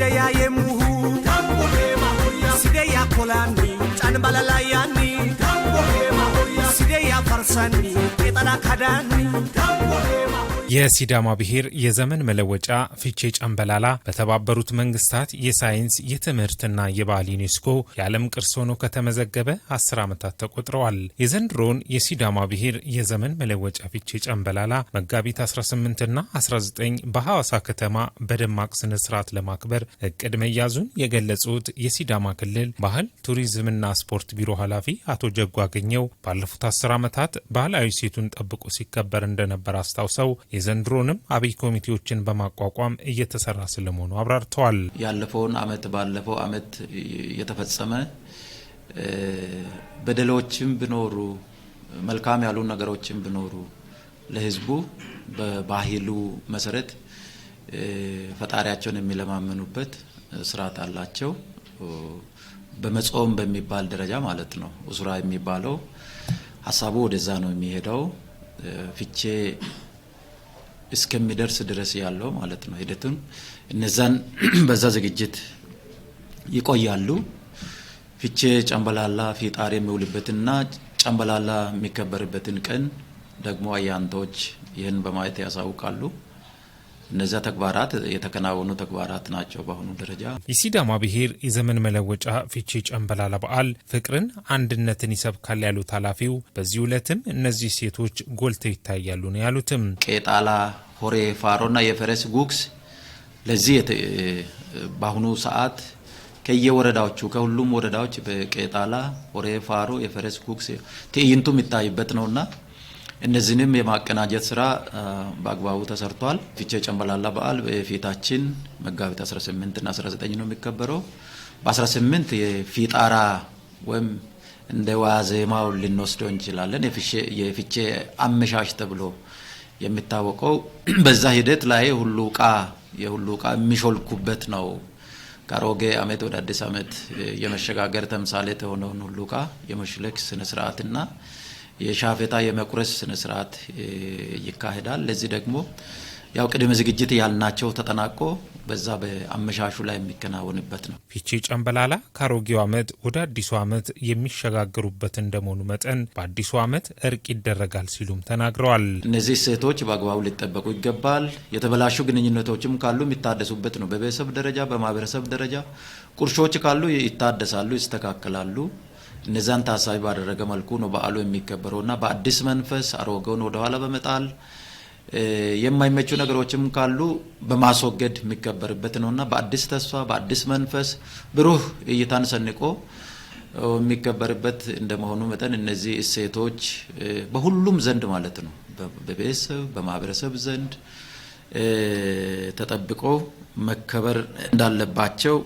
Sideya ye muhu Tambo he mahoya Sideya kolani Can balalayanni Tambo he mahoya Sideya farsani Ketala kadani የሲዳማ ብሔር የዘመን መለወጫ ፊቼ ጨንበላላ በተባበሩት መንግስታት የሳይንስ የትምህርትና የባህል ዩኔስኮ የዓለም ቅርስ ሆኖ ከተመዘገበ አስር ዓመታት ተቆጥረዋል። የዘንድሮውን የሲዳማ ብሔር የዘመን መለወጫ ፊቼ ጨንበላላ መጋቢት 18ና 19 በሐዋሳ ከተማ በደማቅ ስነ ስርዓት ለማክበር እቅድ መያዙን የገለጹት የሲዳማ ክልል ባህል ቱሪዝምና ስፖርት ቢሮ ኃላፊ አቶ ጀጎ አገኘው ባለፉት አስር ዓመታት ባህላዊ ሴቱን ጠብቆ ሲከበር እንደነበር አስታውሰው የዘንድሮንም አብይ ኮሚቴዎችን በማቋቋም እየተሰራ ስለመሆኑ አብራርተዋል። ያለፈውን አመት ባለፈው አመት የተፈጸመ በደሎችም ቢኖሩ መልካም ያሉ ነገሮችም ቢኖሩ ለህዝቡ በባህሉ መሰረት ፈጣሪያቸውን የሚለማመኑበት ስርዓት አላቸው። በመጾም በሚባል ደረጃ ማለት ነው። ኡሱራ የሚባለው ሀሳቡ ወደዛ ነው የሚሄደው። ፍቼ እስከሚደርስ ድረስ ያለው ማለት ነው ሂደቱን እነዛን በዛ ዝግጅት ይቆያሉ። ፊቼ ጨንበላላ ፊጣሪ የሚውልበትና ጨንበላላ የሚከበርበትን ቀን ደግሞ አያንቶች ይህን በማየት ያሳውቃሉ። እነዚያ ተግባራት የተከናወኑ ተግባራት ናቸው። በአሁኑ ደረጃ የሲዳማ ብሔር የዘመን መለወጫ ፊቼ ጨንበላላ በዓል ፍቅርን፣ አንድነትን ይሰብካል ያሉት ኃላፊው በዚህ ዕለትም እነዚህ ሴቶች ጎልተው ይታያሉ ነው ያሉትም። ቄጣላ፣ ሆሬ ፋሮና የፈረስ ጉግስ ለዚህ በአሁኑ ሰዓት ከየወረዳዎቹ ከሁሉም ወረዳዎች በቄጣላ፣ ሆሬ ፋሮ፣ የፈረስ ጉግስ ትዕይንቱ የሚታይበት ነውና እነዚህንም የማቀናጀት ስራ በአግባቡ ተሰርቷል። ፊቼ ጨምበላላ በዓል የፊታችን መጋቢት 18ና 19 ነው የሚከበረው። በ18 የፊጣራ ወይም እንደ ዋዜማው ልንወስደው እንችላለን። የፊቼ አመሻሽ ተብሎ የሚታወቀው በዛ ሂደት ላይ ሁሉ እቃ የሁሉ እቃ የሚሾልኩበት ነው። ከአሮጌ ዓመት ወደ አዲስ ዓመት የመሸጋገር ተምሳሌ የሆነውን ሁሉ ዕቃ የመሽለክ ስነስርዓትና የሻፌታ የመቁረስ ስነስርዓት ይካሄዳል። ለዚህ ደግሞ ያው ቅድመ ዝግጅት ያልናቸው ተጠናቆ በዛ በአመሻሹ ላይ የሚከናወንበት ነው። ፊቼ ጨምበላላ ከአሮጌው ዓመት ወደ አዲሱ ዓመት የሚሸጋገሩበት እንደመሆኑ መጠን በአዲሱ ዓመት እርቅ ይደረጋል ሲሉም ተናግረዋል። እነዚህ ሴቶች በአግባቡ ሊጠበቁ ይገባል። የተበላሹ ግንኙነቶችም ካሉ የሚታደሱበት ነው። በቤተሰብ ደረጃ፣ በማህበረሰብ ደረጃ ቁርሾች ካሉ ይታደሳሉ፣ ይስተካከላሉ። እነዛን ታሳቢ ባደረገ መልኩ ነው በዓሉ የሚከበረው እና በአዲስ መንፈስ አሮገውን ወደኋላ በመጣል የማይመቹ ነገሮችም ካሉ በማስወገድ የሚከበርበት ነው እና በአዲስ ተስፋ በአዲስ መንፈስ ብሩህ እይታን ሰንቆ የሚከበርበት እንደመሆኑ መጠን እነዚህ እሴቶች በሁሉም ዘንድ ማለት ነው በቤተሰብ በማህበረሰብ ዘንድ ተጠብቆ መከበር እንዳለባቸው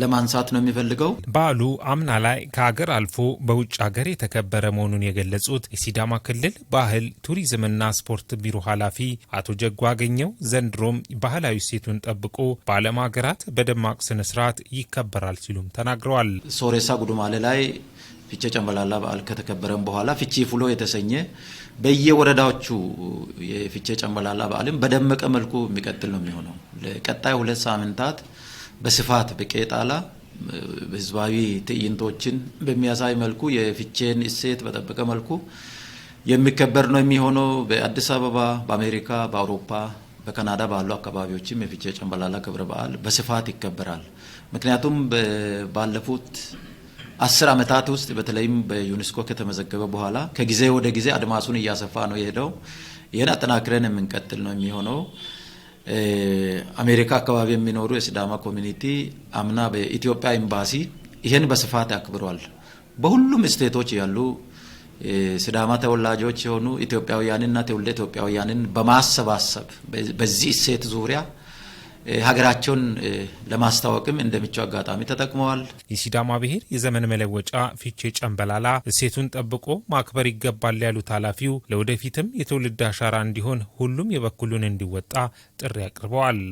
ለማንሳት ነው የሚፈልገው። በዓሉ አምና ላይ ከሀገር አልፎ በውጭ ሀገር የተከበረ መሆኑን የገለጹት የሲዳማ ክልል ባህል ቱሪዝምና ስፖርት ቢሮ ኃላፊ አቶ ጀጎ አገኘው ዘንድሮም ባህላዊ ሴቱን ጠብቆ በዓለም ሀገራት በደማቅ ስነስርዓት ይከበራል ሲሉም ተናግረዋል። ሶሬሳ ጉዱማሌ ላይ ፍቼ ጨንበላላ በዓል ከተከበረም በኋላ ፍቼ ፉሎ የተሰኘ በየወረዳዎቹ የፍቼ ጨንበላላ በዓልም በደመቀ መልኩ የሚቀጥል ነው የሚሆነው ለቀጣይ ሁለት ሳምንታት በስፋት በቄጣላ ህዝባዊ ትዕይንቶችን በሚያሳይ መልኩ የፍቼን እሴት በጠበቀ መልኩ የሚከበር ነው የሚሆነው። በአዲስ አበባ፣ በአሜሪካ፣ በአውሮፓ፣ በካናዳ ባሉ አካባቢዎችም የፍቼ ጨንበላላ ክብረ በዓል በስፋት ይከበራል። ምክንያቱም ባለፉት አስር ዓመታት ውስጥ በተለይም በዩኔስኮ ከተመዘገበ በኋላ ከጊዜ ወደ ጊዜ አድማሱን እያሰፋ ነው የሄደው። ይህን አጠናክረን የምንቀጥል ነው የሚሆነው። አሜሪካ አካባቢ የሚኖሩ የስዳማ ኮሚኒቲ አምና በኢትዮጵያ ኤምባሲ ይሄን በስፋት አክብሯል። በሁሉም ስቴቶች ያሉ ስዳማ ተወላጆች የሆኑ ኢትዮጵያውያንና ትውልደ ኢትዮጵያውያንን በማሰባሰብ በዚህ እሴት ዙሪያ ሀገራቸውን ለማስታወቅም እንደምቹ አጋጣሚ ተጠቅመዋል። የሲዳማ ብሔር የዘመን መለወጫ ፊቼ ጨንበላላ እሴቱን ጠብቆ ማክበር ይገባል ያሉት ኃላፊው ለወደፊትም የትውልድ አሻራ እንዲሆን ሁሉም የበኩሉን እንዲወጣ ጥሪ አቅርበዋል።